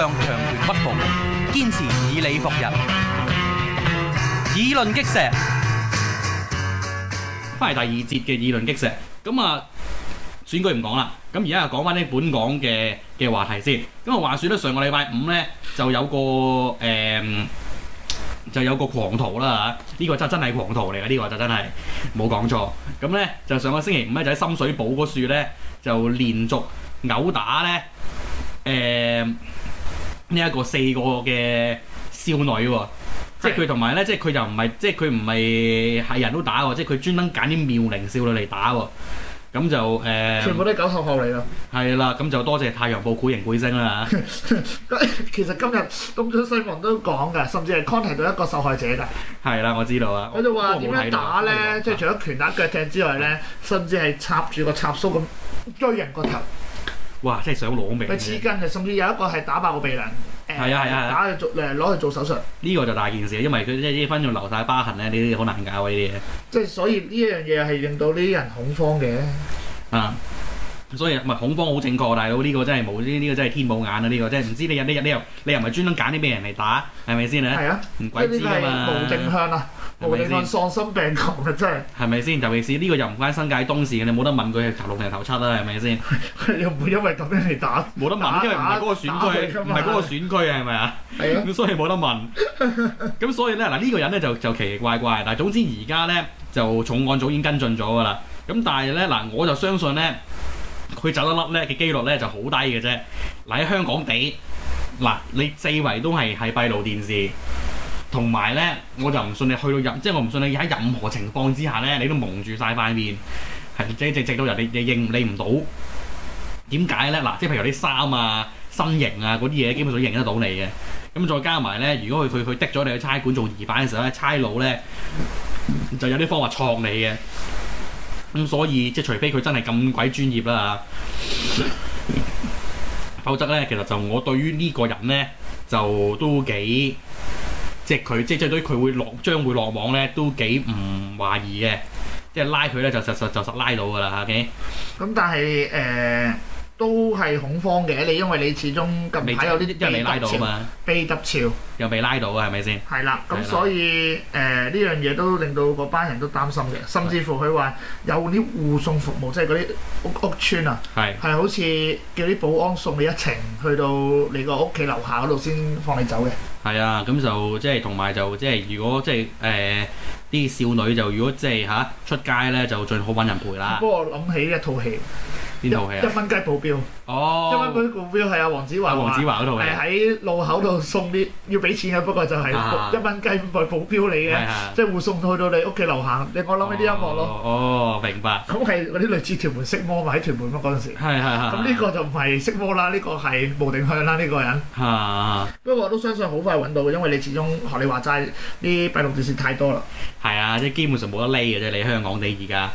向強權屈服，堅持以理服人。議論擊石，翻嚟第二節嘅議論擊石。咁啊，選舉唔講啦。咁而家又講翻呢本港嘅嘅話題先。咁啊，話説咧，上個禮拜五咧就有個誒，就有個狂徒啦嚇。呢個就真係狂徒嚟嘅，呢個就真係冇講錯。咁咧就上個星期五咧就喺深水埗嗰樹咧就連續毆打咧誒。呢一個四個嘅少女喎，即係佢同埋咧，即係佢就唔係，即係佢唔係係人都打喎，即係佢專登揀啲妙齡少女嚟打喎，咁就誒、呃，全部都係九頭殼嚟咯，係啦，咁就多謝《太陽報》巨型巨星啦。其實今日東張西望都講嘅，甚至係 contact 到一個受害者嘅，係啦，我知道啦。我就話點樣打咧，即係除咗拳打腳踢之外咧、啊，甚至係插住個插梳咁追人個頭。哇！真係想攞命佢黐筋啊！甚至有一個係打爆個鼻樑，係啊係啊，打、啊啊、去做攞去做手術。呢、呢個就大件事，因為佢即係啲分要留晒疤痕咧，呢啲好難搞啊！呢啲嘢。即係所以呢一樣嘢係令到呢啲人恐慌嘅。啊，所以唔係恐慌好正確，大佬呢、呢個真係冇呢，呢、呢個真係天冇眼啊！呢、呢個真係唔知你有啲人你又你又唔係專登揀啲咩人嚟打係咪先咧？係啊，唔鬼知啊嘛。無正向啊！啊我哋按喪心病狂嘅啫，係咪先？尤其是呢個又唔關新界東事嘅，你冇得問佢係頭六定係頭七啊？係咪先？又 唔會因為咁樣嚟打。冇得問，因為唔係嗰個選區，唔係嗰個選區啊？係咪啊？係啊！咁所以冇得問。咁所以咧嗱，呢、這個人咧就就奇奇怪怪。嗱，總之而家咧就重案組已經跟進咗㗎啦。咁但係咧嗱，我就相信咧，佢走得甩咧嘅機率咧就好低嘅啫。嗱，喺香港地，嗱你四圍都係係閉路電視。同埋呢，我就唔信你去到任，即係我唔信你喺任何情況之下呢，你都蒙住晒塊面，係直至到人哋哋認你唔到。點解呢？嗱，即係譬如啲衫啊、身形啊嗰啲嘢，基本上都認得到你嘅。咁再加埋呢，如果佢佢佢滴咗你去差館做疑犯嘅時候呢，差佬呢就有啲方法錯你嘅。咁所以即係除非佢真係咁鬼專業啦，否則呢，其實就我對於呢個人呢，就都幾。即佢，即係最多佢會落，將會落網咧，都幾唔懷疑嘅。即係拉佢咧，就實實就實拉到㗎啦，OK，咁但係，誒。都係恐慌嘅，你因為你始終近排有呢啲未拉到嘛，被急潮又未拉到啊，係咪先？係啦，咁所以誒呢樣嘢都令到嗰班人都擔心嘅，甚至乎佢話有啲護送服務，即係嗰啲屋屋村啊，係係好似叫啲保安送你一程，去到你個屋企樓下嗰度先放你走嘅。係啊，咁就即係同埋就即係如果即係誒啲少女就如果即係嚇出街咧，就最好揾人陪啦。不過我諗起一套戲。邊套戲啊一？一蚊雞保鏢哦，oh, 一蚊保鏢啊、一蚊雞保鏢係阿黃子華，黃子華套戲喺路口度送啲要俾錢嘅，不過就係一蚊雞保鏢嚟嘅，即係護送到去到你屋企樓下。你我諗起啲音樂咯。哦、oh, oh,，明白。咁係嗰啲類似屯門色魔嘛？喺屯門嗰陣時。係係係，咁呢個就唔係色魔啦，呢、這個係無定向啦。呢、這個人。嚇、啊。不過我都相信好快揾到嘅，因為你始終學你話齋啲閉路電視太多啦。係啊，即係基本上冇得匿嘅啫，你香港你而家。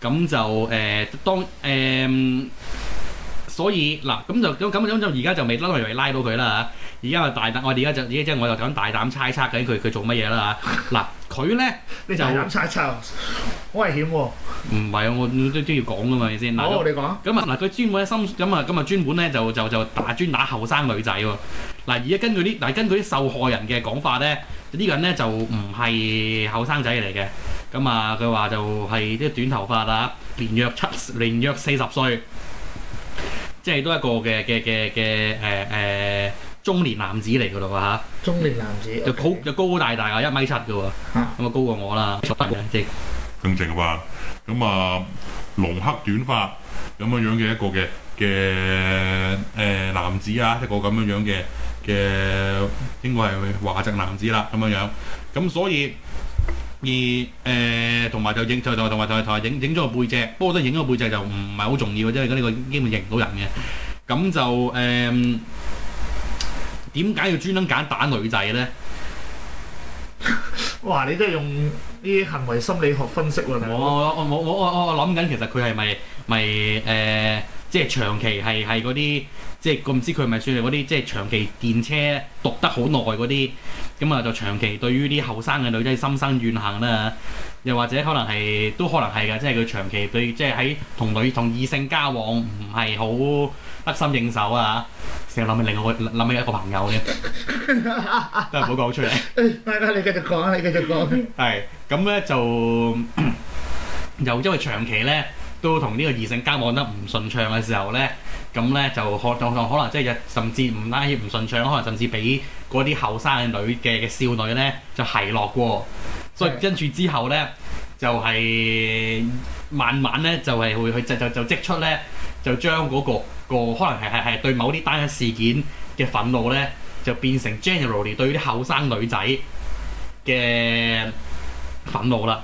咁就誒、呃，當誒、呃，所以嗱，咁就咁咁，就而家就未得，嚟拉到佢啦吓。而家就大膽，我哋而家就而家即係我就咁大膽猜測緊佢佢做乜嘢啦吓。嗱，佢咧你就咁猜測，好危險喎。唔係啊，我都都要講噶嘛先。好，你講。咁啊嗱，佢專門心咁啊咁啊專門咧就就就打專打後生女仔喎。嗱，而家根據啲嗱根據啲受害人嘅講法咧，呢、這個人咧就唔係後生仔嚟嘅。咁啊，佢話就係啲短頭髮啊，年約七十，年約四十歲，即係都係一個嘅嘅嘅嘅誒誒中年男子嚟嘅咯嚇。中年男子，啊、年男子就好又、Okay. 高大大啊，一米七嘅喎，咁啊高過我啦，得人正。咁正啩？咁啊，濃黑短髮咁嘅樣嘅一個嘅嘅誒男子啊，一個咁嘅樣嘅嘅應該係華籍男子啦，咁嘅樣。咁所以。而同埋、呃、就影就同同埋台台影影咗個背脊，不過都影咗個背脊就唔唔係好重要，即係咁呢個根本影唔到人嘅。咁就誒點解要專登揀打女仔咧？哇！你都係用啲行為心理學分析㗎啦～我我我我我我諗緊，其實佢係咪咪誒？是即係長期係係嗰啲，即係我唔知佢咪算係嗰啲，即係長期電車讀得好耐嗰啲，咁啊就長期對於啲後生嘅女仔心生怨恨啦。又或者可能係，都可能係㗎，即係佢長期對，即係喺同女同異性交往唔係好得心應手啊。成日諗起另外諗起一個朋友嘅，都係唔好講出嚟。大 家你繼續講，你繼續講。係，咁咧就又因為長期咧。都同呢個異性交往得唔順暢嘅時候咧，咁咧就可就可能即係，甚至唔單止唔順暢，可能甚至畀嗰啲後生嘅女嘅少女咧就奚落過，所以跟住之後咧就係、是、慢慢咧就係、是、會去就就就積出咧就將嗰、那個、那個可能係係係對某啲單一事件嘅憤怒咧就變成 generally 對啲後生女仔嘅憤怒啦。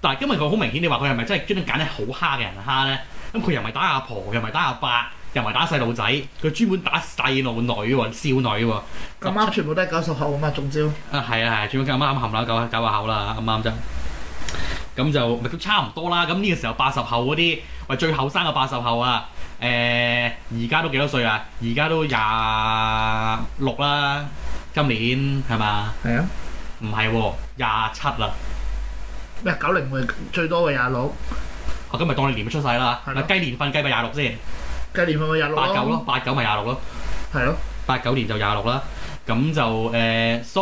但係今日佢好明顯，你話佢係咪真係專揀啲好蝦嘅人蝦咧？咁佢又唔係打阿婆，又唔係打阿伯，又唔係打細路仔，佢專門打細路女喎，少女喎。咁啱全部都係九十後啊嘛，中招。啊係啊係，啊，專門跟阿媽咁行啦，搞搞下口啦，咁啱啫。咁就咪都差唔多啦。咁呢個時候八十後嗰啲，喂最後生嘅八十後啊，誒而家都幾多歲啊？而家都廿六啦，今年係嘛？係啊，唔係喎，廿七啦。咩九零會最多嘅廿六？啊，咁咪當你年出世啦吓。咪、啊、雞、啊、年份雞咪廿六先。雞年份咪廿六八九咯，八九咪廿六咯。係咯。八九年就廿六啦。咁就誒、呃、，so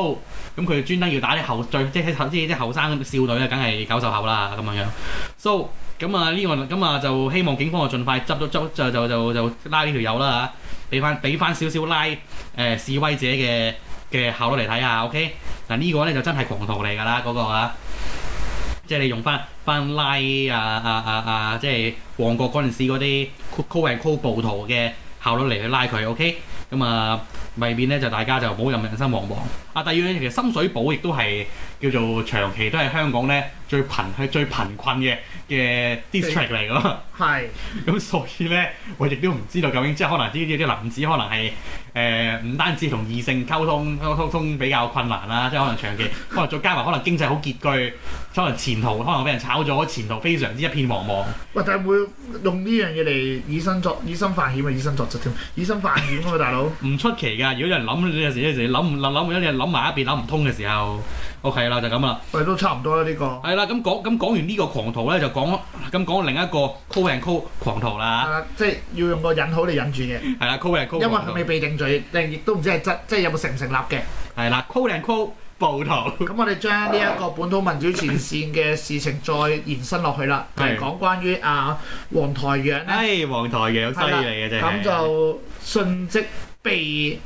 咁佢專登要打啲後最即係即後生嘅少女啊，梗係九十後啦咁樣。so 咁啊呢個咁啊就希望警方就盡快執咗執就就就就拉呢條友啦吓，俾翻俾翻少少拉誒示威者嘅嘅效率嚟睇下。ok 嗱呢、這個咧、那個、就真係狂徒嚟噶啦，嗰、這個啊。那個即係你用翻翻拉啊啊啊啊！即係旺角嗰陣時嗰啲 co co 暴徒嘅效率嚟去拉佢，OK 咁啊，咪免咧就大家就冇咁人心惶惶啊。第二樣其實深水埗亦都係叫做長期都係香港咧最貧係最貧困嘅嘅 district 嚟咯。係咁， 所以咧我亦都唔知道究竟即係可能呢啲啲男子可能係誒唔單止同異性溝通溝通比較困難啦，即係可能長期 可能再加埋可能經濟好拮據。可能前途可能俾人炒咗，前途非常之一片茫茫。喂，但係會用呢樣嘢嚟以身作以身犯險啊，以身作則添，以身犯險啊嘛，大佬。唔 出奇㗎，如果有人諗有時有時諗諗諗，有啲人諗埋一邊諗唔通嘅時候，OK 啦，就咁啦。喂，都差唔多啦呢個。係啦，咁講咁講完呢個狂徒咧，就講咁講另一個 call 人 call 狂徒啦。即係要用個引號嚟引住嘅。係啦，call 人 call。因為未被定罪，定亦都唔知係真即係有冇成唔成立嘅。係啦，call 人 call。暴徒咁，我哋將呢一個本土民主前線嘅事情再延伸落去了是、啊哎、deterg，啦，係講關於啊黃台仰咧，哎黃台仰犀利嘅啫，咁就迅即被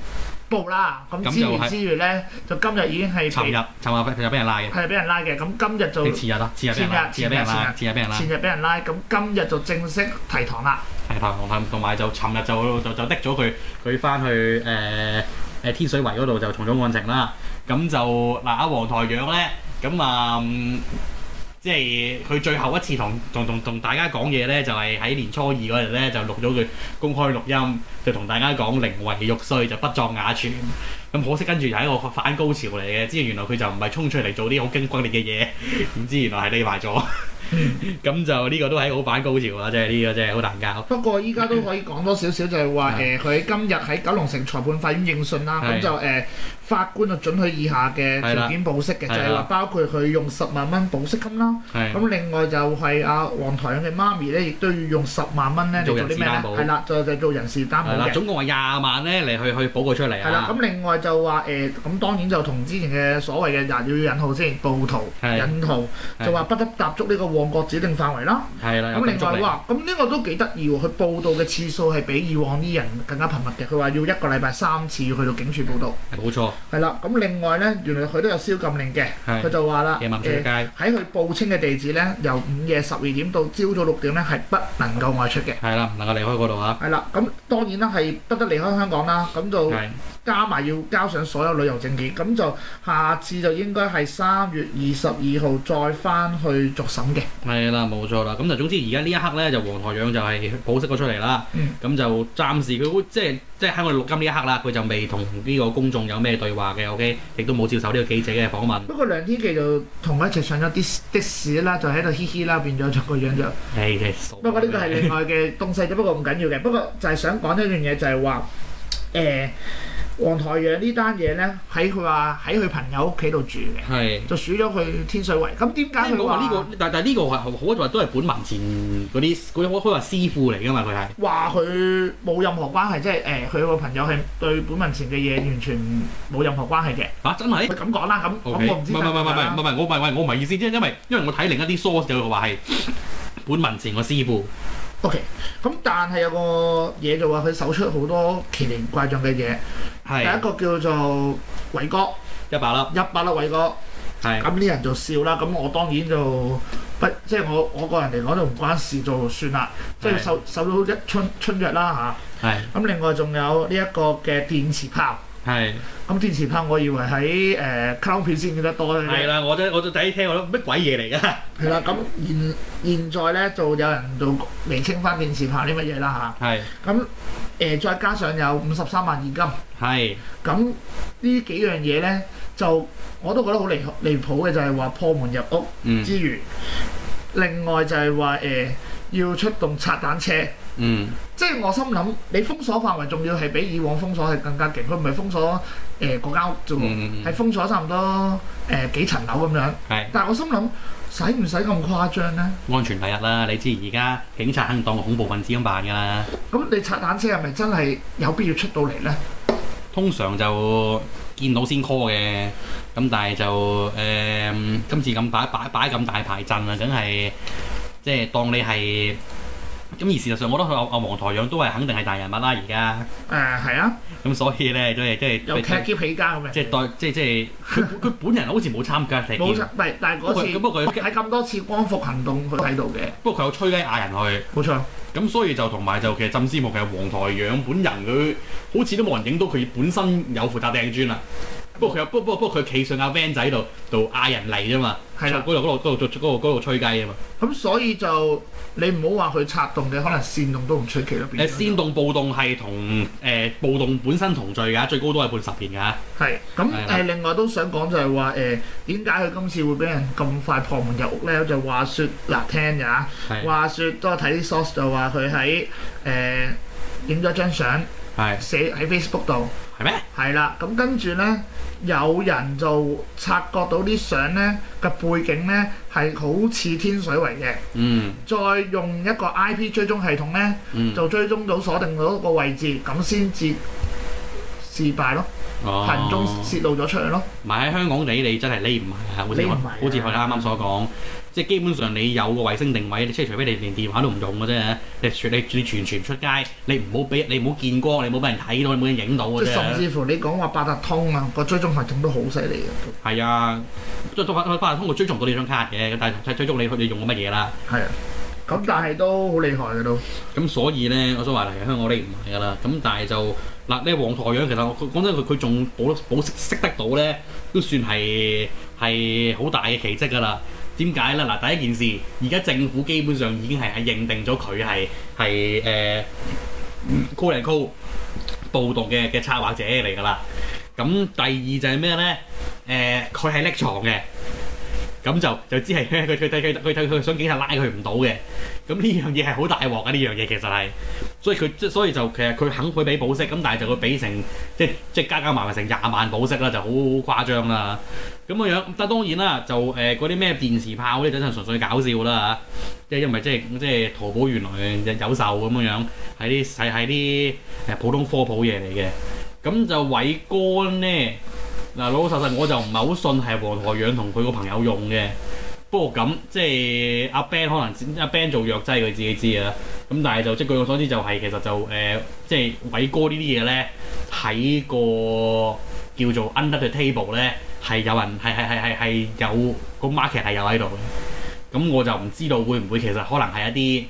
捕啦。咁之餘之餘咧，就今日已經係尋日，尋日被俾人拉嘅，係俾人拉嘅。咁今日就前日啦，前日前日俾人拉，前日俾人拉，前日俾人拉。咁今日就正式提堂啦，提堂，同埋就尋日就就就咗佢佢翻去、呃、天水圍嗰度就重組案情啦。咁就嗱阿黃台仰呢，咁啊、嗯，即係佢最後一次同同同同大家講嘢呢，就係、是、喺年初二嗰日呢，就錄咗佢公開錄音，就同大家講寧為玉碎就不作瓦全。咁可惜跟住就係一個反高潮嚟嘅，知原來佢就唔係衝出嚟做啲好經骨烈嘅嘢，點知原來係匿埋咗。咁就呢個都係好反高潮啦，真係呢個真係好難搞。不過依家都可以講多少少，就係話誒，佢今日喺九龍城裁判法院應訊啦。咁就誒法官就准許以下嘅條件保釋嘅，就係話包括佢用十萬蚊保釋金啦。咁另外就係阿黃台仰嘅媽咪咧，亦都要用十萬蚊咧嚟做啲咩咧？係啦，就就做人事擔保。總共話廿萬咧嚟去去保佢出嚟。係啦。咁另外就話誒，咁當然就同之前嘅所謂嘅引要引號先，暴徒引號，就話不得踏足呢個黃。旺角指定範圍啦，咁另外話，咁呢個都幾得意喎。佢報到嘅次數係比以往啲人更加頻密嘅。佢話要一個禮拜三次去到警署報到，冇錯。係啦，咁另外咧，原來佢都有宵禁令嘅，佢就話啦，夜晚嘅喺佢報稱嘅地址咧，由午夜十二點到朝早六點咧，係不能夠外出嘅。係啦，唔能夠離開嗰度啊。係啦，咁當然啦，係不得離開香港啦。咁就。加埋要交上所有旅遊證件，咁就下次就應該係三月二十二號再翻去續審嘅。係啦，冇錯啦。咁就總之而家呢一刻咧，就黃台仰就係保釋咗出嚟啦。咁、嗯、就暫時佢即係即係喺我哋錄音呢一刻啦，佢就未同呢個公眾有咩對話嘅。OK，亦都冇接受呢個記者嘅訪問。不過梁天琦就同我一齊上咗的的士啦，就喺度嘻嘻啦，變咗個樣就係嘅。不過呢個係另外嘅東西， 不過唔緊要嘅。不過就係想講一樣嘢，就係話誒。黃台仰呢單嘢咧喺佢話喺佢朋友屋企度住嘅，就鼠咗去天水圍。咁點解我話呢、呢個？但但呢個係好多話都係本文前嗰啲佢一開話師傅嚟嘅嘛？佢係話佢冇任何關係，即係誒，佢、欸、個朋友係對本文前嘅嘢完全冇任何關係嘅嚇、啊，真係咁講啦。咁咁、okay. 我唔知。唔唔唔唔唔唔，我唔係我唔係意思，即係因為因為我睇另一啲 Source，就話係本文前個師傅。O.K. 咁但係有個嘢就話佢搜出好多奇形怪狀嘅嘢，第一個叫做偉哥，一百粒，一百粒偉哥，係咁啲人就笑啦。咁我當然就不即係我我個人嚟講就唔關事，就算啦。即係受受到一春春藥啦吓，係咁另外仲有呢一個嘅電磁炮。係咁電磁炮，我以為喺誒卡通片先見得多咧。係啦，我都我都第一次聽，我都乜鬼嘢嚟噶？係啦，咁現現在咧就有人做釐清翻電磁炮啲乜嘢啦吓，係咁誒，再加上有五十三萬現金。係咁呢幾樣嘢咧，就我都覺得好離離譜嘅，就係話破門入屋之餘，嗯、另外就係話誒要出動拆彈車。嗯，即係我心諗，你封鎖範圍仲要係比以往封鎖係更加勁，佢唔係封鎖誒嗰間屋啫喎，係、呃嗯嗯、封鎖差唔多誒、呃、幾層樓咁樣。係，但係我心諗，使唔使咁誇張咧？安全第一啦，你知而家警察肯定當個恐怖分子咁辦㗎啦。咁你拆彈車係咪真係有必要出到嚟咧？通常就見到先 call 嘅，咁但係就誒、呃、今次咁擺擺擺咁大排陣啊，梗係即係當你係。咁而事實上，我覺得阿阿黃台仰都係肯定係大人物啦，而家誒係啊，咁、嗯啊、所以咧都係即係有踢劫起家嘅，即係代即即係佢本人好似冇參加踢劫，冇錯，但係但係嗰次喺咁多次光復行動佢喺度嘅，不過佢有吹雞嗌人去，冇錯，咁所以就同埋就其實浸獅木其實黃台仰本人佢好似都冇人影到佢本身有負責掟磚啦。不過佢有，不不不過佢企上阿 van 仔度度嗌人嚟啫嘛。係啦，嗰度度度度度吹雞啊嘛。咁所以就你唔好話佢策動嘅，可能煽動都唔出奇咯。變咗，煽動暴動係同誒暴動本身同罪㗎，最高都係判十年㗎。係。咁誒另外都想講就係話誒點解佢今次會俾人咁快破門入屋咧？就話説嗱、啊、聽㗎、啊。係。話説都係睇啲 source 就話佢喺誒影咗張相，係。寫喺 Facebook 度。係咩？係啦。咁跟住咧。有人就察覺到啲相咧嘅背景咧係好似天水圍嘅，嗯，再用一個 IP 追蹤系統咧，嗯，就追蹤到鎖定到嗰個位置，咁先至。自敗咯，行、哦、蹤泄露咗出嚟咯。咪喺香港你你真係匿唔埋好似、啊、好佢啱啱所講，即係基本上你有個衛星定位，你即係除非你連電話都唔用嘅啫。你全你你全你全出街，你唔好俾你唔好見光，你冇好俾人睇到，你冇俾人影到嘅，甚至乎你講話八達通啊，個追蹤系統都好犀利嘅。係啊，八達通會追蹤到你張卡嘅，但係追蹤你佢你用過乜嘢啦？係啊，咁但係都好厲害嘅都。咁所以咧，我想話嚟香港你匿唔埋㗎啦。咁但係就嗱，呢個黃台仰其實我講真佢佢仲保保識識得到咧，都算係係好大嘅奇蹟㗎啦。點解咧？嗱，第一件事，而家政府基本上已經係係認定咗佢係係誒高人 call 暴動嘅嘅策劃者嚟㗎啦。咁第二就係咩咧？誒、呃，佢係匿藏嘅，咁就就只係佢佢睇佢佢睇佢想警察拉佢唔到嘅。咁呢樣嘢係好大鑊嘅呢樣嘢，其實係。所以佢即所以就其實佢肯佢俾保釋咁，但係就會俾成即係即係加加埋埋成廿萬保釋啦，就好好誇張啦咁嘅樣。但係當然啦，就誒嗰啲咩電磁炮嗰啲就純粹搞笑啦，即係因為即係即係淘寶原來有售咁嘅樣，係啲係係啲誒普通科普嘢嚟嘅。咁就偉哥咧，嗱老老實實，我就唔係好信係黃台仰同佢個朋友用嘅。不過咁，即係阿 Ben 可能阿 Ben 做藥劑佢自己知嘅啊，咁但係就即係據我所知就係、是、其實就誒、呃，即係偉哥呢啲嘢咧，喺個叫做 under the table 咧係有人係係係係係有個 market 係有喺度嘅，咁我就唔知道會唔會其實可能係一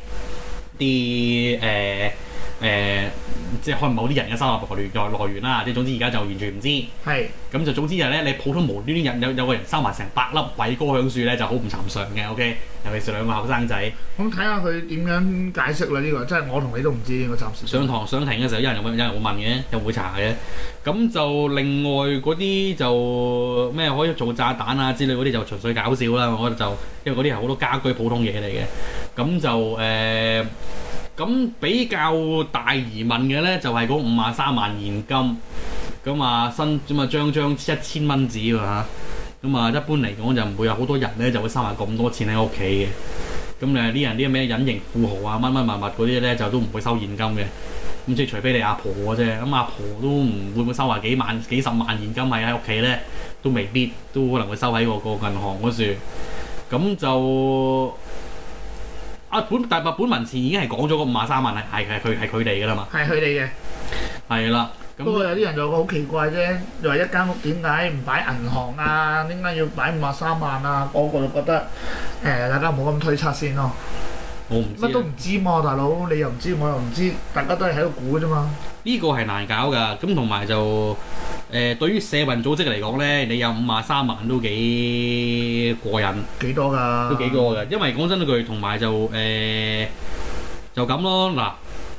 啲啲誒。誒、呃，即係可能某啲人嘅收入來源啦，即係總之而家就完全唔知。係，咁就總之就係咧，你普通無端端有有個人收埋成百粒偉哥響樹咧，就好唔尋常嘅。OK，尤其是兩個後生仔。咁睇下佢點樣解釋啦。呢個真係我同你都唔知，應該暫時上堂上庭嘅時候，有人有人會問嘅，有人查嘅。咁就另外嗰啲就咩可以做炸彈啊之類嗰啲就純粹搞笑啦。我覺得就因為嗰啲係好多家居普通嘢嚟嘅，咁就誒。呃咁比較大疑問嘅咧，就係嗰五萬三萬現金，咁啊新咁啊張張一千蚊紙喎嚇，咁啊一般嚟講就唔會有好多人咧就會收埋咁多錢喺屋企嘅，咁誒啲人啲咩隱形富豪啊、乜乜物物嗰啲咧就都唔會收現金嘅，咁即係除非你阿婆嘅啫，咁阿婆都唔會唔會收埋幾萬、幾十萬現金喺喺屋企咧，都未必都可能會收喺個個銀行嗰處，咁就。啊本大伯本文字已經係講咗個五萬三萬啦，係係佢係佢哋嘅啦嘛，係佢哋嘅，係啦。不過有啲人就好奇怪啫，又話一間屋點解唔擺銀行啊？點解要擺五萬三萬啊？我個就覺得誒，大家唔好咁推測先咯。我唔知，乜都唔知嘛，大佬，你又唔知，我又唔知，大家都係喺度估啫嘛。呢個係難搞㗎，咁同埋就。誒、呃、對於社運組織嚟講咧，你有五萬三萬都幾過癮。幾多㗎？都幾多㗎，因為講真句，同埋就誒、呃、就咁咯。嗱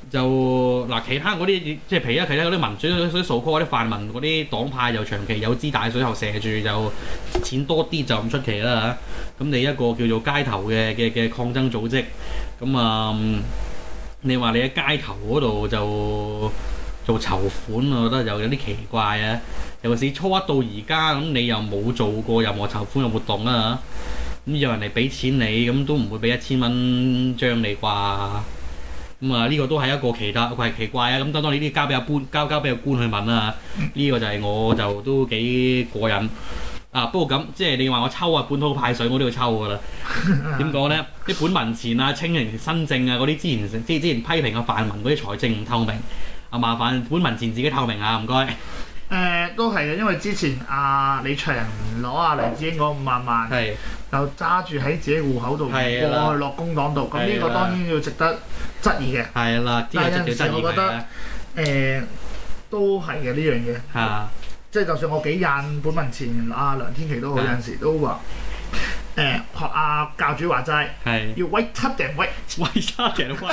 就嗱其他嗰啲即係譬如其他嗰啲民主嗰啲數科嗰啲泛民嗰啲黨派，又長期有支大水喉射住，就錢多啲就唔出奇啦嚇。咁你一個叫做街頭嘅嘅嘅抗爭組織，咁啊、嗯、你話你喺街頭嗰度就，做籌款，我覺得又有啲奇怪啊。尤其是初一到而家咁，你又冇做過任何籌款嘅活動啊。咁有人嚟俾錢你，咁都唔會俾一千蚊張你啩？咁啊，呢個都係一個奇特，係奇怪啊。咁當當然呢啲交俾阿官，交交俾阿官去問啦、啊。呢、這個就係我就都幾過癮啊。不過咁即係你話我抽啊，本土派水，我都要抽噶啦。點講咧？啲本民前啊，清廉新政啊，嗰啲之前之之前批評嘅泛民嗰啲財政唔透明。阿麻煩本民前自己透明啊，唔該。誒，都係嘅，因為之前阿李卓人攞阿黎智英嗰五萬萬，就揸住喺自己戶口度，過去落工黨度。咁呢個當然要值得質疑嘅。係啦，啲嘢值得質疑。但係有陣時我覺得誒，都係嘅呢樣嘢。係即係就算我幾印本民前阿梁天琦都好，有陣時都話誒，學阿教主話齋，要威七定威。」揾七威。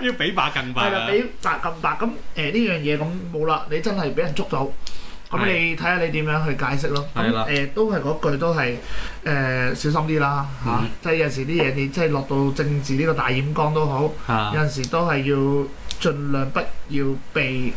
要比把更白，係啦，比白更白咁誒呢樣嘢咁冇啦。你真係俾人捉到，咁你睇下你點樣去解釋咯。係啦、嗯，誒、呃、都係嗰句，都係誒、呃、小心啲啦嚇、嗯。即係有時啲嘢，你即係落到政治呢個大染缸都好，啊、有陣時候都係要盡量不要被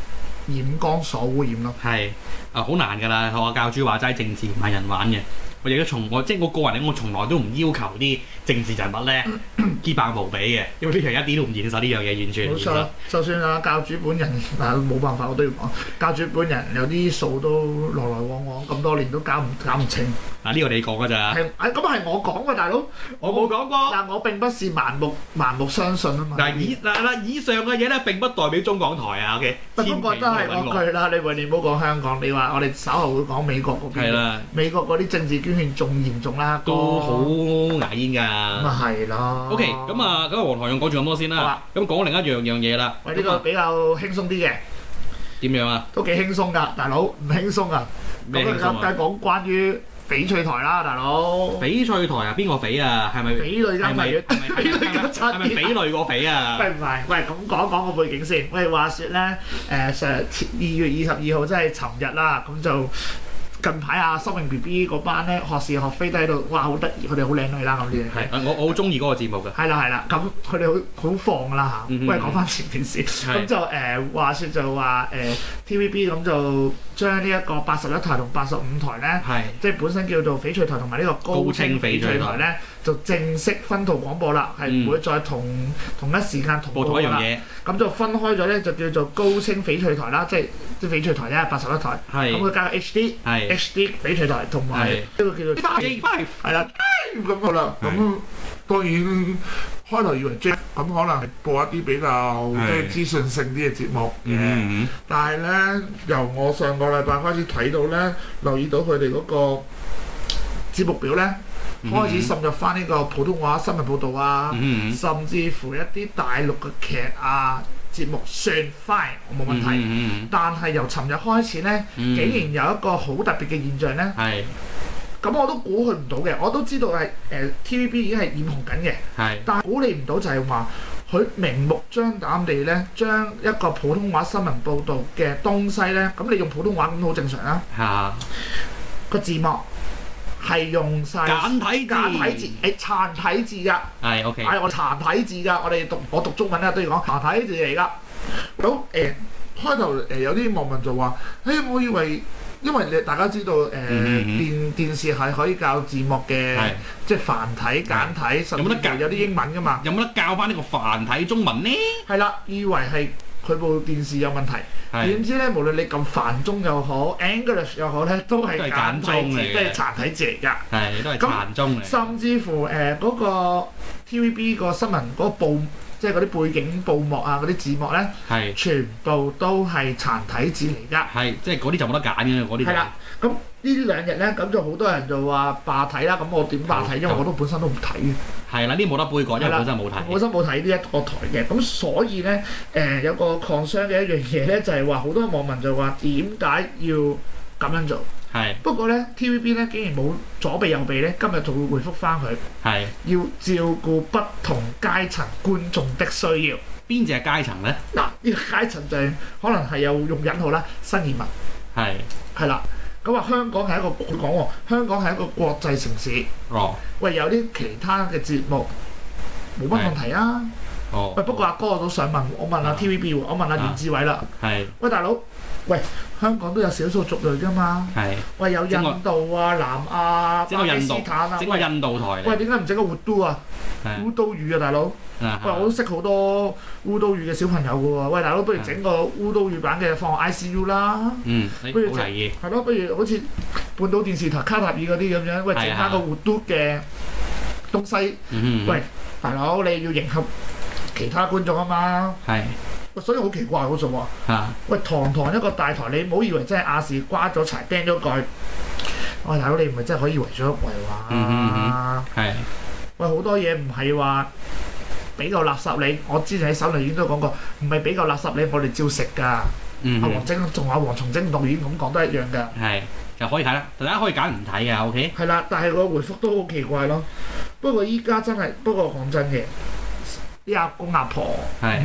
染缸所污染咯。係、呃、啊，好難㗎啦！學我教主話齋，政治唔係人玩嘅。我亦都從我即係我個人嚟，我從來都唔要求啲政治人物咧。嗯潔白無比嘅，因為呢樣一啲都唔現實，呢樣嘢完全冇錯。就算啊教主本人但冇辦法，我都要講教主本人有啲數都來來往往咁多年都搞唔搞唔清。嗱呢個你講㗎咋？係啊，咁係我講㗎，大佬我冇講過。但係我並不是盲目盲目相信啊嘛。嗱以嗱嗱以上嘅嘢咧，並不代表中港台啊。O K，我都覺得係惡舉啦。你永遠唔好講香港，你話我哋稍後會講美國嗰邊。係啦，美國嗰啲政治捐獻仲嚴重啦，都好牙煙㗎。咪係咯。O K。咁啊，咁黃台仰講住咁多先啦。咁講另一樣樣嘢啦。喂，呢個比較輕鬆啲嘅。點樣啊？都幾輕鬆㗎，大佬，唔輕鬆啊。咁就講關於翡翠台啦，大佬。翡翠台啊？邊個翡啊？係咪？翡翠家咪？翡翠家七點。係咪翡翠個翡啊？唔係，喂，咁講講個背景先。喂，話説咧，誒上二月二十二號，即係尋日啦，咁就。近排啊，Summer B B 嗰班咧學是學非都喺度，哇好得意，佢哋好靚女啦咁樣。係、嗯，我我好中意嗰個節目嘅。係啦係啦，咁佢哋好好放啦嚇。喂、嗯嗯嗯，講翻前件事，咁就誒、呃、話説就話誒、呃、T V B 咁就將呢一個八十一台同八十五台咧，即係本身叫做翡翠台同埋呢個高，高清翡翠台咧。就正式分途廣播啦，係、嗯、唔會再同同一時間同播同一樣嘢。咁、嗯、就分開咗咧，就叫做高清翡翠台啦，即係翡翠台咧八十一台，咁佢加個 HD，HD 翡翠台同埋呢個叫做 J Five 係啦，咁好啦。咁當然開頭以為 J 咁可能係播一啲比較即係、就是、資訊性啲嘅節目嘅、嗯嗯，但係咧由我上個禮拜開始睇到咧，留意到佢哋嗰個節目表咧。Mm -hmm. 開始滲入翻呢個普通話新聞報導啊，mm -hmm. 甚至乎一啲大陸嘅劇啊節目，算 fine，我冇問題。Mm -hmm. 但係由尋日開始呢，mm -hmm. 竟然有一個好特別嘅現象呢，咁我都估佢唔到嘅。我都知道係誒、呃、TVB 已經係染紅緊嘅，但係估你唔到就係話佢明目張膽地呢將一個普通話新聞報導嘅東西呢。咁你用普通話咁好正常啊。個、啊、字幕。係用曬簡體字，係殘體字噶。係 OK，係我殘體字噶、okay 哎。我哋讀我讀中文咧都要講殘體字嚟噶。咁誒開頭誒有啲網民就話：，嘿、哎，我以為因為你大家知道誒、呃嗯、電電視係可以教字幕嘅、嗯，即係繁體、簡體，得、嗯、有有教？有啲英文噶嘛，有冇得教返呢個繁體中文呢？係啦，以為係。佢部電視有問題，點知咧？無論你咁繁中又好，English 又好咧，都係簡中嚟嘅，都係殘體字嚟噶，係都係簡中，甚至乎誒嗰、呃那個 TVB 個新聞嗰、那個報即係嗰啲背景布幕啊，嗰啲字幕咧，全部都係殘體字嚟㗎。係，即係嗰啲就冇得揀嘅嗰啲。係啦，咁呢啲兩日咧，咁就好多人就話霸體啦。咁我點霸體？因為我都本身都唔睇嘅。係啦，呢冇得背過，因為本身冇睇。本身冇睇呢一個台嘅。咁所以咧，誒、呃、有個 concern 嘅一樣嘢咧，就係話好多網民就話點解要咁樣做？係，不過咧，TVB 咧竟然冇左臂右臂咧，今日就會回覆翻佢。係，要照顧不同階層觀眾的需要。邊隻階層咧？嗱、啊、呢、這個階層就係、可能係有用引號啦，新移民。係。係啦，咁啊、哦，香港係一個講話，香港係一個國際城市。哦。喂，有啲其他嘅節目冇乜問題啊。哦。喂，不過阿、啊、哥我都想問，我問阿、啊、TVB，啊我問阿袁志偉啦。係、啊。喂，大佬。喂，香港都有少數族類㗎嘛？係。喂，有印度啊、南亞、巴基斯坦啊。整個印度台。喂，點解唔整個烏都啊？烏都語啊，大佬。喂，我都識好多烏都語嘅小朋友嘅喎。喂，大佬，不如整個烏都語版嘅放學 I C U 啦。嗯。不如。係、嗯、咯，不如好似半島電視台卡塔爾嗰啲咁樣，喂，整翻個烏都嘅東西。嗯嗯。喂，大佬，你要迎合其他觀眾啊嘛。係。喂，所以好奇怪好做喎。喂，堂堂一個大台，你唔好以為真係亞視瓜咗柴 b 咗佢。喂，大佬，你唔係真係可以回咗一啊？嗯嗯，喂，好多嘢唔係話俾嚿垃圾你。我之前喺《手雷院》都講過，唔係俾嚿垃圾你，我哋照食㗎。阿黃晶仲阿黃崇晶導演咁講都一樣㗎。係、啊，就可以睇啦。大家可以揀唔睇㗎，OK？係啦、啊，但係個回覆都好奇怪咯。不過依家真係，不過講真嘅。啲阿公阿婆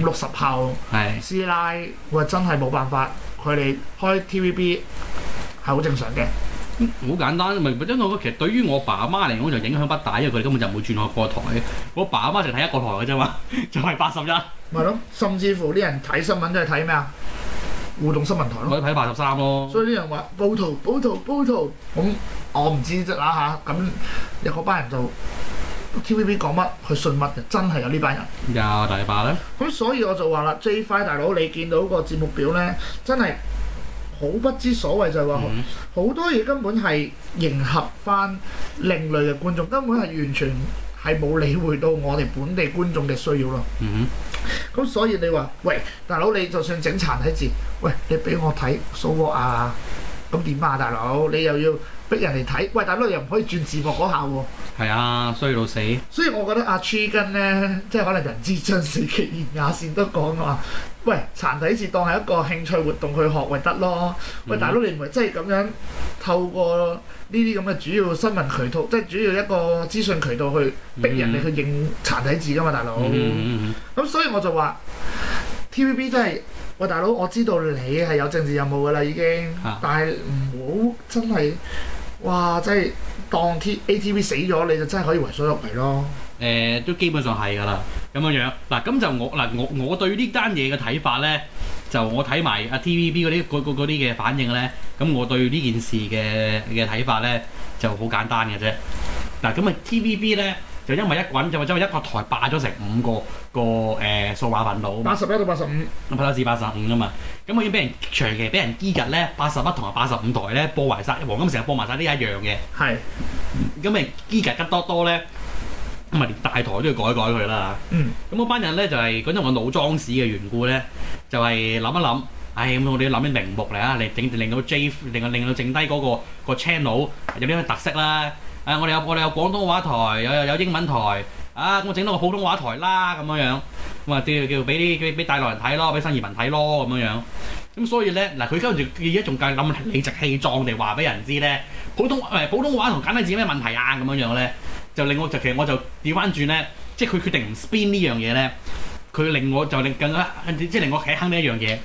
五六十後師奶，我真係冇辦法，佢哋開 TVB 係好正常嘅。好簡單，唔係因為其實對於我爸阿媽嚟講就影響不大，因為佢哋根本就唔會轉我個台。我爸阿媽就睇一個台嘅啫嘛，就係八十一，咪咯。甚至乎啲人睇新聞都係睇咩啊？互動新聞台咯。可以睇八十三咯。所以啲人話報圖報圖報圖，咁我唔知啫啦嚇。咁有嗰班人就，TVB 講乜，佢信乜就真係有呢班人，有大把咧。咁所以我就話啦，J5 大佬，你見到個節目表咧，真係好不知所謂，就係話好多嘢根本係迎合翻另類嘅觀眾，根本係完全係冇理會到我哋本地觀眾嘅需要咯。咁所以你話，喂，大佬，你就算整殘體字，喂，你俾我睇數學啊，咁點啊？大佬，你又要逼人哋睇，喂，大佬又唔可以轉字幕嗰下喎。係啊，衰到死！所以我覺得阿 Ching 咧，即係可能人之將死，其言也善都講話，喂，殘體字當係一個興趣活動去學，咪得咯？喂，大佬你唔係真係咁樣透過呢啲咁嘅主要新聞渠道，嗯、即係主要一個資訊渠道去逼人哋去認殘體字㗎嘛，大佬？嗯咁所以我就話 TVB 真係，喂，大佬我知道你係有政治任務㗎啦，已經，啊、但係唔好真係。哇！即係當 ATV 死咗，你就真係可以為所欲為咯。誒、呃，都基本上係㗎啦，咁樣樣嗱，咁就我嗱，我我對這件事的看呢單嘢嘅睇法咧，就我睇埋啊 TVB 嗰啲嗰啲嘅反應咧，咁我對呢件事嘅嘅睇法咧就好簡單嘅啫。嗱，咁啊 TVB 咧。就因為一滾，就因為一個台霸咗成五個個誒、欸、數碼頻道，八十一到八十五，八十一至八十五啊嘛。咁已經俾人 k 期、c 俾人 egress 咧，八十一同埋八十五台咧播埋晒。黃金成日播埋晒呢一樣嘅。係。咁咪 egress 吉多多咧，咁咪連大台都要改改佢啦。咁、嗯、嗰班人咧就係嗰陣我腦裝屎嘅緣故咧，就係、是、諗一諗，唉，咁我哋要諗啲名目嚟啊，嚟整令到 Jeff，令令到剩低嗰、那個、那個 channel 有啲咩特色啦。誒、啊，我哋有我哋有廣東話台，有有有英文台，啊，咁我整到個普通話台啦，咁樣樣，咁啊，叫叫俾啲俾大陸人睇咯，俾新移民睇咯，咁樣樣。咁、嗯、所以咧，嗱，佢跟住而家仲夠諗理直氣壯地話俾人知咧，普通誒普通話同簡體字有咩問題啊？咁樣樣咧，就令我就其實我就調翻轉咧，即係佢決定唔 spin 這件事呢樣嘢咧，佢令我就令更加即係令我起坑呢一樣嘢，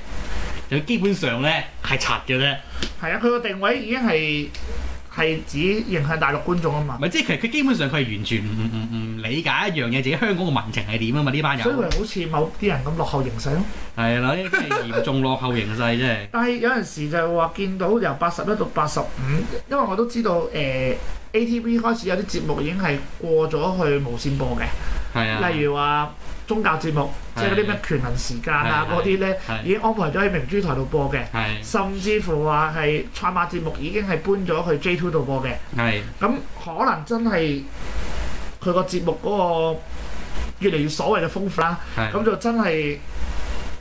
就基本上咧係賊嘅咧。係啊，佢個定位已經係。係指影響大陸觀眾啊嘛，唔係即係其實佢基本上佢係完全唔唔唔理解一樣嘢，自己香港嘅民情係點啊嘛呢班人，所以佢好似某啲人咁落後形勢咯，係啦，啲人嚴重落後形勢即係。但係有陣時就話見到由八十一到八十五，因為我都知道誒、呃、ATV 開始有啲節目已經係過咗去無綫播嘅，係啊，例如話。宗教節目，即係嗰啲咩權衡時間啊那些呢，嗰啲咧已經安排咗喺明珠台度播嘅，甚至乎話係賽馬節目已經係搬咗去 J Two 度播嘅。係咁可能真係佢個節目嗰個越嚟越所謂嘅豐富啦。係咁就真係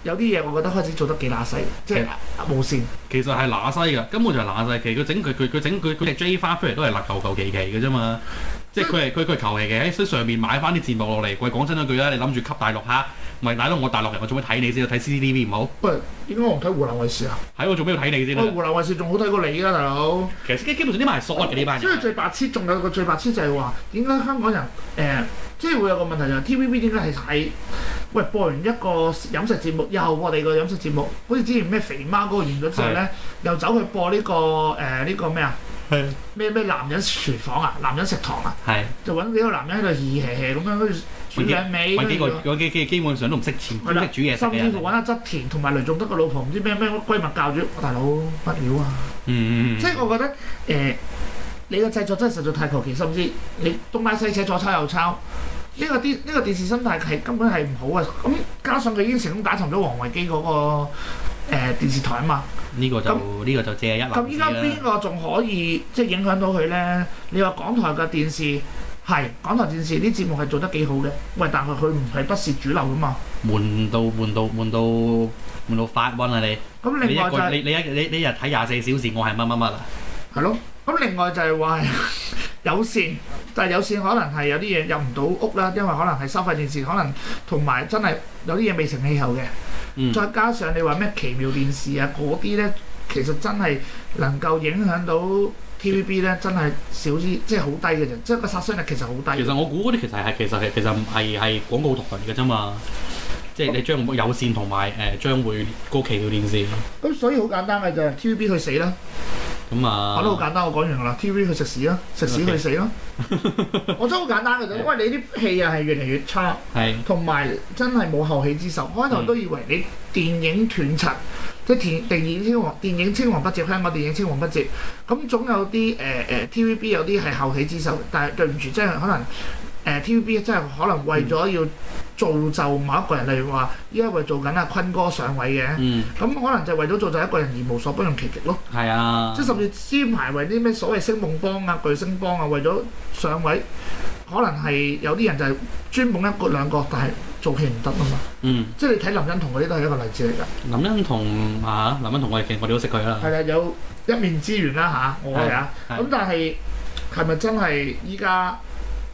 有啲嘢，我覺得開始做得幾乸西，即係無線。其實係乸西㗎，根本就係乸西期。佢整佢佢佢整佢，佢係 J5，出嚟都係立求求其其嘅啫嘛。即係佢係佢佢係求其嘅，喺上上面買翻啲節目落嚟。喂，講真一句啦，你諗住吸大陸客？唔、啊、係，大佬我大陸人，我做咩睇你先？睇 CCTV 唔好。喂，點解我唔睇湖南衞視啊？喺、哎、我做咩要睇你先啦？湖南衞視仲好睇過你啦、啊，大佬。其實基基本上啲咪傻嘅呢班人。所以最白痴，仲有個最白痴就係話，點解香港人誒，即、呃、係、就是、會有個問題就係、是、TVB 點解係睇？喂，播完一個飲食節目，又播我哋個飲食節目，好似之前咩肥媽嗰個完咗之後咧，又走去播呢、這個誒呢、呃這個咩啊？咩咩男人廚房啊，男人食堂啊，就揾幾個男人喺度義義氣氣咁樣煮兩味，揾幾個，揾基本上都唔識字，甚至乎揾阿側田同埋雷仲德個老婆唔知咩咩閨蜜教住大佬不了啊！嗯嗯即係我覺得誒、呃，你個製作真係實在太求其，甚至你東拉西扯，左抄右抄，呢、這個啲呢個電視生態係根本係唔好啊！咁、嗯、加上佢已經成功打沉咗王維基嗰、那個。誒、呃、電視台啊嘛，呢、這個就呢、這個就借一還一啦。咁依家邊個仲可以即係、就是、影響到佢咧？你話港台嘅電視係港台電視啲節目係做得幾好嘅，喂，但係佢唔係不是不屑主流噶嘛。悶到悶到悶到悶到發瘟啊你！你咁另外你你你一你你日睇廿四小時，我係乜乜乜啊？係咯，咁另外就係、是、話、就是哎、有線，但、就、係、是、有線可能係有啲嘢入唔到屋啦，因為可能係收費電視，可能同埋真係有啲嘢未成氣候嘅。嗯、再加上你話咩奇妙電視啊嗰啲咧，其實真係能夠影響到 TVB 咧，真係少啲，即係好低嘅，即係個殺傷力其實好低的。其實我估嗰啲其實係其實係其實唔係係廣告台嚟嘅啫嘛，即係你將有線同埋誒將會過奇妙電視。咁、嗯、所以好簡單嘅就係 TVB 去死啦。嗯啊、我都好簡單，我講完啦。TV 去食屎啦，食屎去死啦。我都好簡單嘅 因為你啲戲又係越嚟越差，同 埋真係冇後起之秀。 我開頭都以為你電影斷層，即係電電影青黃，電影青黃不接，香港電影青黃不接。咁總有啲誒誒 TVB 有啲係後起之秀，但係對唔住，即係可能。誒、呃、TVB 真係可能為咗要造就某一個人，嗯、例如話依家為做緊阿坤哥上位嘅，咁、嗯、可能就係為咗造就一個人而無所不用其極咯。係啊，即係甚至招牌為啲咩所謂星夢幫啊、巨星幫啊，為咗上位，可能係有啲人就係專捧一個兩個，但係做戲唔得啊嘛。嗯，即係你睇林欣彤嗰啲都係一個例子嚟㗎。林欣彤嚇，林欣彤我哋其實，我哋都識佢啦。係啦、啊，有一面之緣啦吓，我係啊。咁、啊啊啊嗯、但係係咪真係依家？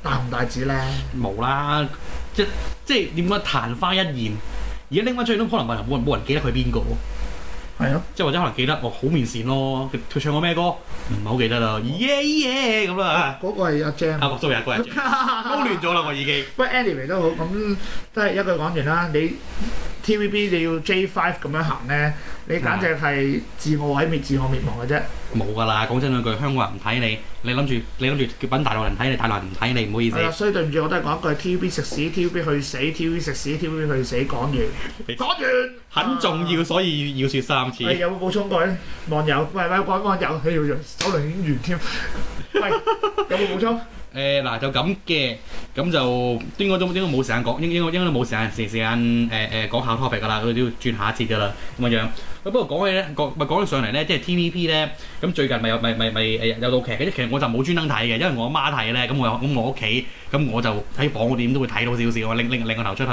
大紅大紫咧，冇啦，即即點講啊？曇花一現，而家拎翻出去都可能冇人冇人記得佢邊個，係啊，即係或者可能記得我好面善咯，佢唱過咩歌？唔係好記得啦 Yeah yeah 咁啦，嗰個係阿 Gem，阿白松有個人勾亂咗啦 我已經，But anyway 都好，咁都係一句講完啦，你 TVB 你要 J Five 咁樣行咧。你簡直係自我毀滅、自我滅亡嘅啫！冇㗎啦，講真兩句，香港人唔睇你，你諗住你諗住品大陸人睇，你大陸人唔睇你，唔好意思。啊、所以對唔住，我都係講一句：TVB 食屎，TVB 去死，TVB 食屎，TVB 去死。講嘢，講完。很重要、啊，所以要說三次。哎、有冇補充過？我網友，喂、哎，喂，唔係網友，要走手雷演員添。喂、哎 哎，有冇補充？嗱、呃、就咁嘅，咁就應該都應該冇時間講，應應該應該都冇時間時時間誒誒、呃呃、講下 topic 噶啦，佢都要轉下一節噶啦，咁嘅樣。不過講起咧，講咪講起上嚟咧，即係 TVB 咧，咁最近咪、呃、有咪咪咪誒有套劇嘅，其實我就冇專登睇嘅，因為我阿媽睇咧，咁我咁我屋企，咁我就喺房我點都會睇到少少，我擰擰個個頭出去。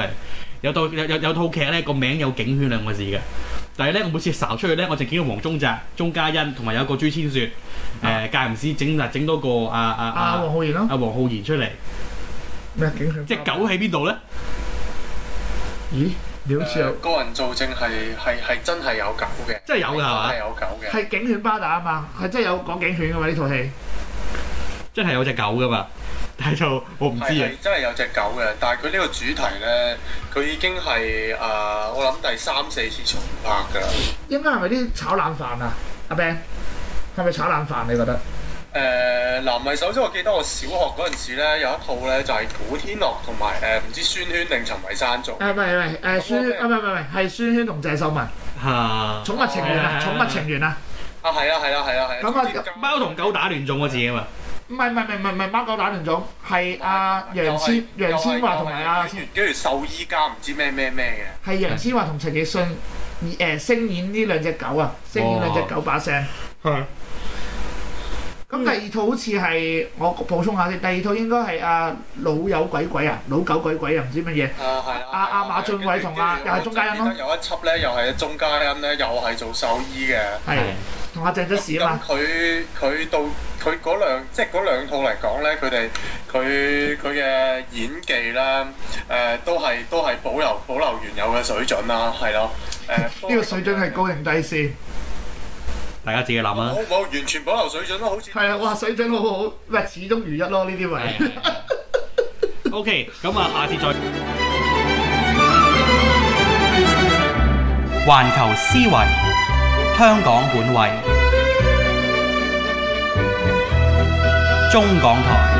有套有有有套劇咧，個名有警犬兩個字嘅，但係咧我每次搜出去咧，我就見到黃宗澤、鐘嘉欣同埋有一個朱千雪，誒介唔知整啊整多個阿阿阿黃浩然囉，阿黃浩然出嚟咩警犬？即係狗喺邊度咧？咦！你好似有個人做證係係係真係有狗嘅，真係有㗎嘛？係警犬巴打啊嘛，係真係有講警犬㗎嘛呢套戲？真係有隻狗㗎嘛？睇就我唔知道真係有隻狗嘅，但係佢呢個主題咧，佢已經係誒、呃，我諗第三四次重拍噶啦。應該係咪啲炒冷飯啊？阿 Ben 係咪炒冷飯？你覺得？誒、呃，嗱，咪，首先我記得我小學嗰陣時咧，有一套咧就係古天樂同埋誒，唔知孫軒定陳偉山做。誒、啊，唔係，唔、啊、係，誒，孫唔係，唔係，係孫軒同鄭秀文。吓、啊！寵物情緣啊，寵物情緣啊。啊，係啊，係啊，係啊，係。咁啊，貓同、啊啊啊啊、狗打亂咗個字啊嘛。唔係，唔係，唔係，唔係貓狗打亂咗，係阿、啊、楊千、就是、楊千嬅同埋阿跟住跟住獸醫家唔知咩咩咩嘅，係楊千嬅同陳奕迅演誒聲演呢兩隻狗啊，聲演兩隻狗把聲。係、哦。咁第二套好似係我補充下先，第二套應該係阿老友鬼鬼啊，老狗鬼鬼啊，唔知乜嘢。啊阿阿、啊、馬浚偉同阿又係鍾嘉欣咯。有一輯咧，又係鍾嘉欣咧，又係做獸醫嘅。係。同阿鄭則仕啊嘛。佢佢到。佢嗰兩，即係嗰兩套嚟講咧，佢哋佢佢嘅演技啦，誒都係都係保留保留原有嘅水準啦，係咯，誒呢個水準係高定低先，大家自己諗啊！冇冇完全保留水準咯，好似係啊！哇，水準好好，喂，始終如一咯，呢啲咪？OK，咁啊，下次再。環球思維，香港本位。中港台。